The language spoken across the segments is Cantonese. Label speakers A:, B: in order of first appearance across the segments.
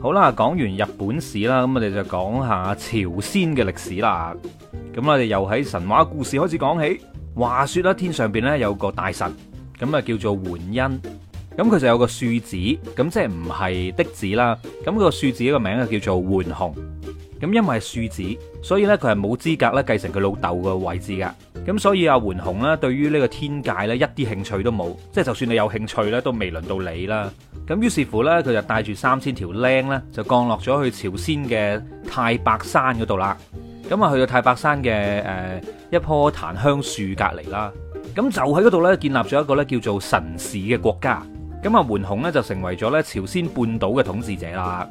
A: 好啦，講完日本史啦，咁我哋就講下朝鮮嘅歷史啦。咁我哋又喺神話故事開始講起。話說啦，天上邊咧有個大神，咁啊叫做桓因，咁佢就有個庶子，咁即係唔係嫡子啦。咁個庶子個名就叫做桓雄。咁因為係庶子，所以呢，佢係冇資格咧繼承佢老豆嘅位置噶。咁所以阿桓雄咧對於呢個天界呢，一啲興趣都冇，即係就算你有興趣呢，都未輪到你啦。咁於是乎呢，佢就帶住三千條靚呢，就降落咗去朝鮮嘅太白山嗰度啦。咁啊去到太白山嘅誒、呃、一棵檀香樹隔離啦，咁就喺嗰度呢，建立咗一個咧叫做神市嘅國家。咁啊桓雄呢，就成為咗咧朝鮮半島嘅統治者啦。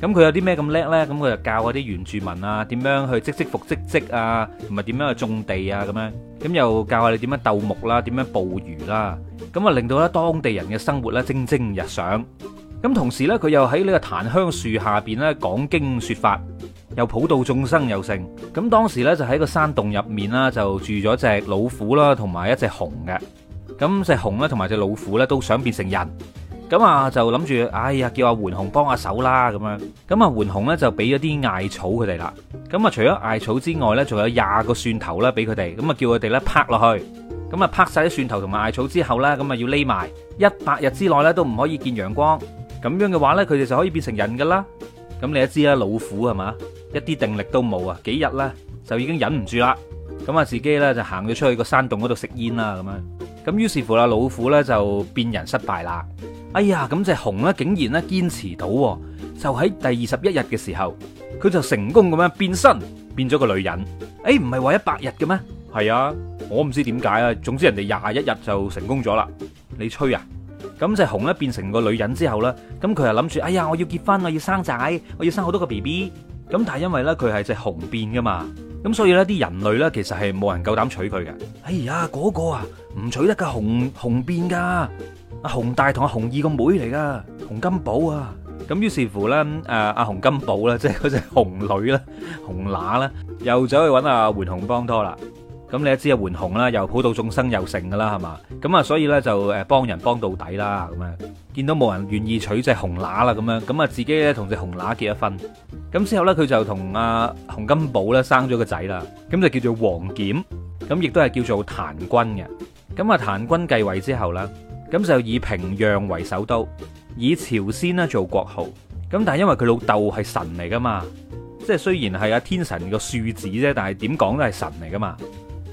A: 咁佢有啲咩咁叻呢？咁佢就教嗰啲原住民啊，點樣去積積服積積啊，同埋點樣去種地啊咁樣。咁又教下你點樣鬥木啦、啊，點樣捕魚啦。咁啊，就令到咧當地人嘅生活咧蒸蒸日上。咁同時呢，佢又喺呢個檀香樹下邊咧講經説法，又普度眾生又勝。咁當時呢，就喺個山洞入面啦，就住咗隻老虎啦，同埋一隻熊嘅。咁隻熊咧同埋隻老虎呢，都想變成人。咁啊，就諗住，哎呀，叫阿桓雄幫下手啦，咁樣咁啊，桓雄咧就俾咗啲艾草佢哋啦。咁啊，除咗艾草之外呢，仲有廿個蒜頭啦，俾佢哋咁啊，叫佢哋呢，拍落去。咁啊，拍晒啲蒜頭同埋艾草之後呢，咁啊要匿埋一百日之內呢，都唔可以見陽光。咁樣嘅話呢，佢哋就可以變成人噶啦。咁你都知啦，老虎係嘛，一啲定力都冇啊，幾日咧就已經忍唔住啦。咁啊，自己呢，就行咗出去個山洞嗰度食煙啦，咁樣咁於是乎啦，老虎呢，就變人失敗啦。哎呀，咁隻熊咧竟然咧堅持到、哦，就喺第二十一日嘅時候，佢就成功咁樣變身變咗個女人。誒、欸，唔係話一百日嘅咩？係啊，我唔知點解啊。總之人哋廿一日就成功咗啦。你吹啊？咁隻熊咧變成個女人之後呢，咁佢又諗住，哎呀，我要結婚，我要生仔，我要生好多個 BB。咁但係因為呢，佢係隻熊變噶嘛，咁所以呢啲人類呢，其實係冇人夠膽娶佢嘅。哎呀，嗰、那個啊，唔娶得噶，熊熊變噶。阿熊大同阿熊二個妹嚟噶，洪金寶啊。咁於是乎啦，誒阿洪金寶啦，即係嗰隻熊女啦，熊乸啦，又走去搵阿桓雄幫拖啦。咁你都知阿桓雄啦，又普渡眾生又成噶啦，係嘛咁啊？所以咧就誒幫人幫到底啦。咁樣見到冇人願意娶隻熊乸啦，咁樣咁啊自己咧同隻熊乸結一婚。咁之後咧佢就同阿洪金寶咧生咗個仔啦。咁就叫做王儉，咁亦都係叫做檀君嘅。咁啊檀君繼位之後啦，咁就以平壤為首都，以朝鮮呢做國號。咁但係因為佢老豆係神嚟噶嘛，即係雖然係阿天神個庶子啫，但係點講都係神嚟噶嘛。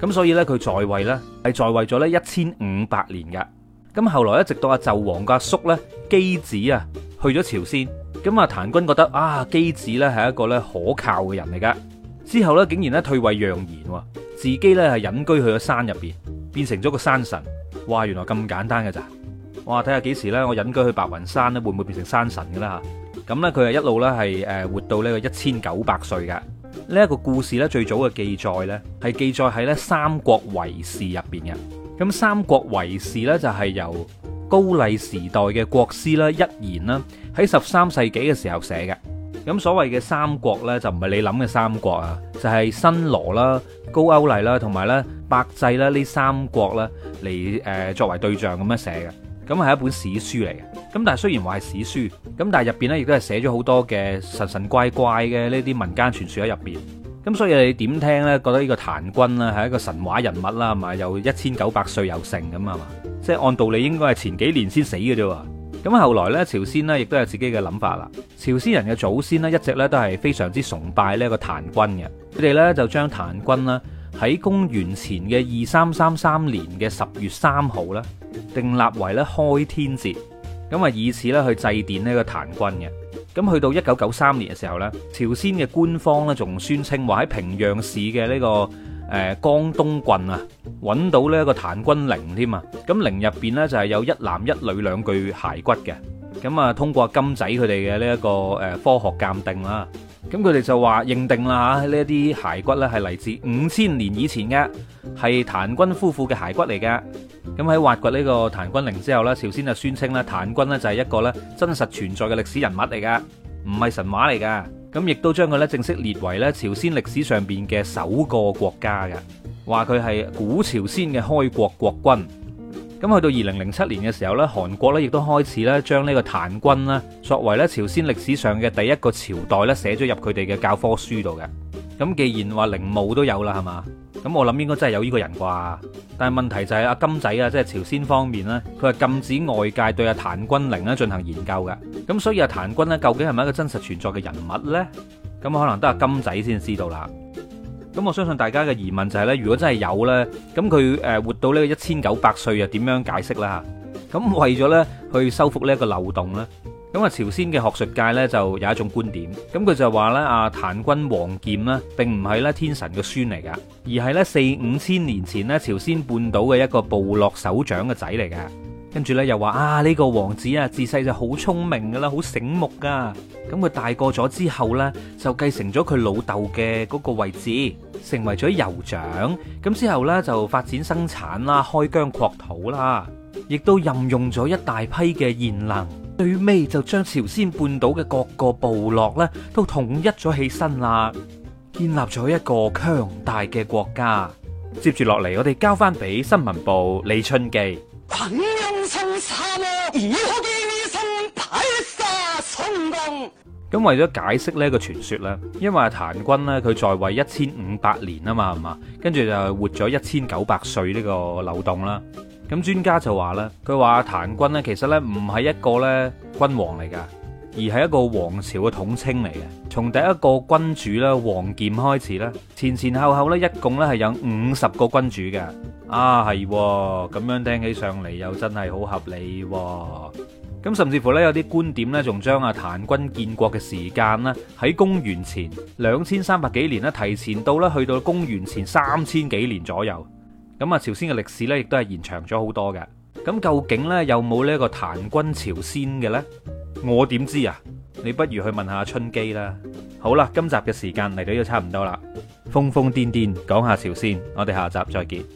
A: 咁所以呢，佢在位呢，係在位咗呢一千五百年嘅。咁後來一直到阿紂王個叔呢、啊，箕子啊去咗朝鮮，咁阿檀君覺得啊箕子呢係一個呢可靠嘅人嚟噶。之後呢，竟然呢退位讓賢，自己呢係隱居去咗山入邊。變成咗個山神，哇！原來咁簡單嘅咋，哇！睇下幾時呢？我隱居去白雲山咧，會唔會變成山神嘅咧嚇？咁呢，佢係一路呢係誒活到呢個一千九百歲嘅。呢、這、一個故事呢，最早嘅記載呢，係記載喺呢《三國遺事》入邊嘅。咁《三國遺事》呢，就係、是、由高麗時代嘅國師啦一言啦喺十三世紀嘅時候寫嘅。咁所謂嘅三國咧，就唔係你諗嘅三國啊，就係新羅啦、高歐麗啦，同埋咧百濟啦呢三國咧嚟誒作為對象咁樣寫嘅。咁係一本史書嚟嘅。咁但係雖然話係史書，咁但係入邊咧亦都係寫咗好多嘅神神怪怪嘅呢啲民間傳説喺入邊。咁所以你點聽咧？覺得呢個檀君啦係一個神話人物啦，係咪又一千九百歲又成咁啊？即係按道理應該係前幾年先死嘅啫喎。咁後來咧，朝鮮呢亦都有自己嘅諗法啦。朝鮮人嘅祖先呢，一直咧都係非常之崇拜呢一個檀君嘅。佢哋咧就將檀君呢喺公元前嘅二三三三年嘅十月三號啦，定立為咧開天節，咁啊以此咧去祭奠呢一個檀君嘅。咁去到一九九三年嘅時候咧，朝鮮嘅官方咧仲宣稱話喺平壤市嘅呢個，誒江東郡啊，揾到呢一個檀君陵添啊，咁陵入邊呢，就係有一男一女兩具骸骨嘅，咁啊通過金仔佢哋嘅呢一個誒科學鑑定啦，咁佢哋就話認定啦嚇呢一啲骸骨呢，係嚟自五千年以前嘅，係檀君夫婦嘅骸骨嚟嘅，咁喺挖掘呢個檀君陵之後呢，朝鮮就宣稱啦，檀君呢就係一個咧真實存在嘅歷史人物嚟嘅。唔係神話嚟噶，咁亦都將佢咧正式列為咧朝鮮歷史上邊嘅首個國家嘅，話佢係古朝鮮嘅開國國君。咁去到二零零七年嘅時候咧，韓國咧亦都開始咧將呢個檀君咧作為咧朝鮮歷史上嘅第一個朝代咧寫咗入佢哋嘅教科書度嘅。咁既然話陵墓都有啦，係嘛？咁我諗應該真係有呢個人啩，但係問題就係、是、阿金仔啊，即係朝鮮方面呢，佢係禁止外界對阿譚君玲呢進行研究嘅。咁所以阿譚君呢，究竟係咪一個真實存在嘅人物呢？咁可能得阿金仔先知道啦。咁我相信大家嘅疑問就係、是、呢如果真係有呢，咁佢誒活到呢個一千九百歲又點樣解釋啦？吓，咁為咗呢，去修復呢一個漏洞呢。咁啊！朝鮮嘅學術界呢，就有一種觀點。咁佢就話咧：阿、啊、檀君王劍呢，並唔係咧天神嘅孫嚟嘅，而係呢四五千年前呢朝鮮半島嘅一個部落首長嘅仔嚟嘅。跟住呢，又話啊，呢、呢個王子啊，自細就好聰明噶啦，好醒目噶。咁佢大個咗之後呢，就繼承咗佢老豆嘅嗰個位置，成為咗酋長。咁之後呢，就發展生產啦，開疆擴土啦，亦都任用咗一大批嘅賢能。最尾就將朝鮮半島嘅各個部落咧都統一咗起身啦，建立咗一個強大嘅國家。接住落嚟，我哋交翻俾新聞部李春記。咁為咗解釋呢個傳說咧，因為阿檀君呢，佢在位一千五百年啊嘛，係嘛，跟住就活咗一千九百歲呢個漏洞啦。咁專家就話啦，佢話檀君呢，其實呢唔係一個呢君王嚟噶，而係一個王朝嘅統稱嚟嘅。從第一個君主啦王儉開始呢，前前後後呢，一共呢係有五十個君主嘅。啊，係喎，咁樣聽起上嚟又真係好合理喎。咁甚至乎呢，有啲觀點呢，仲將啊檀君建國嘅時間呢，喺公元前兩千三百幾年呢，提前到呢去到公元前三千幾年左右。咁啊，朝鮮嘅歷史呢亦都係延長咗好多嘅。咁究竟呢有冇呢一個檀君朝鮮嘅呢？我點知啊？你不如去問，問下春姬啦。好啦，今集嘅時間嚟到都差唔多啦，瘋瘋癲癲講下朝鮮，我哋下集再見。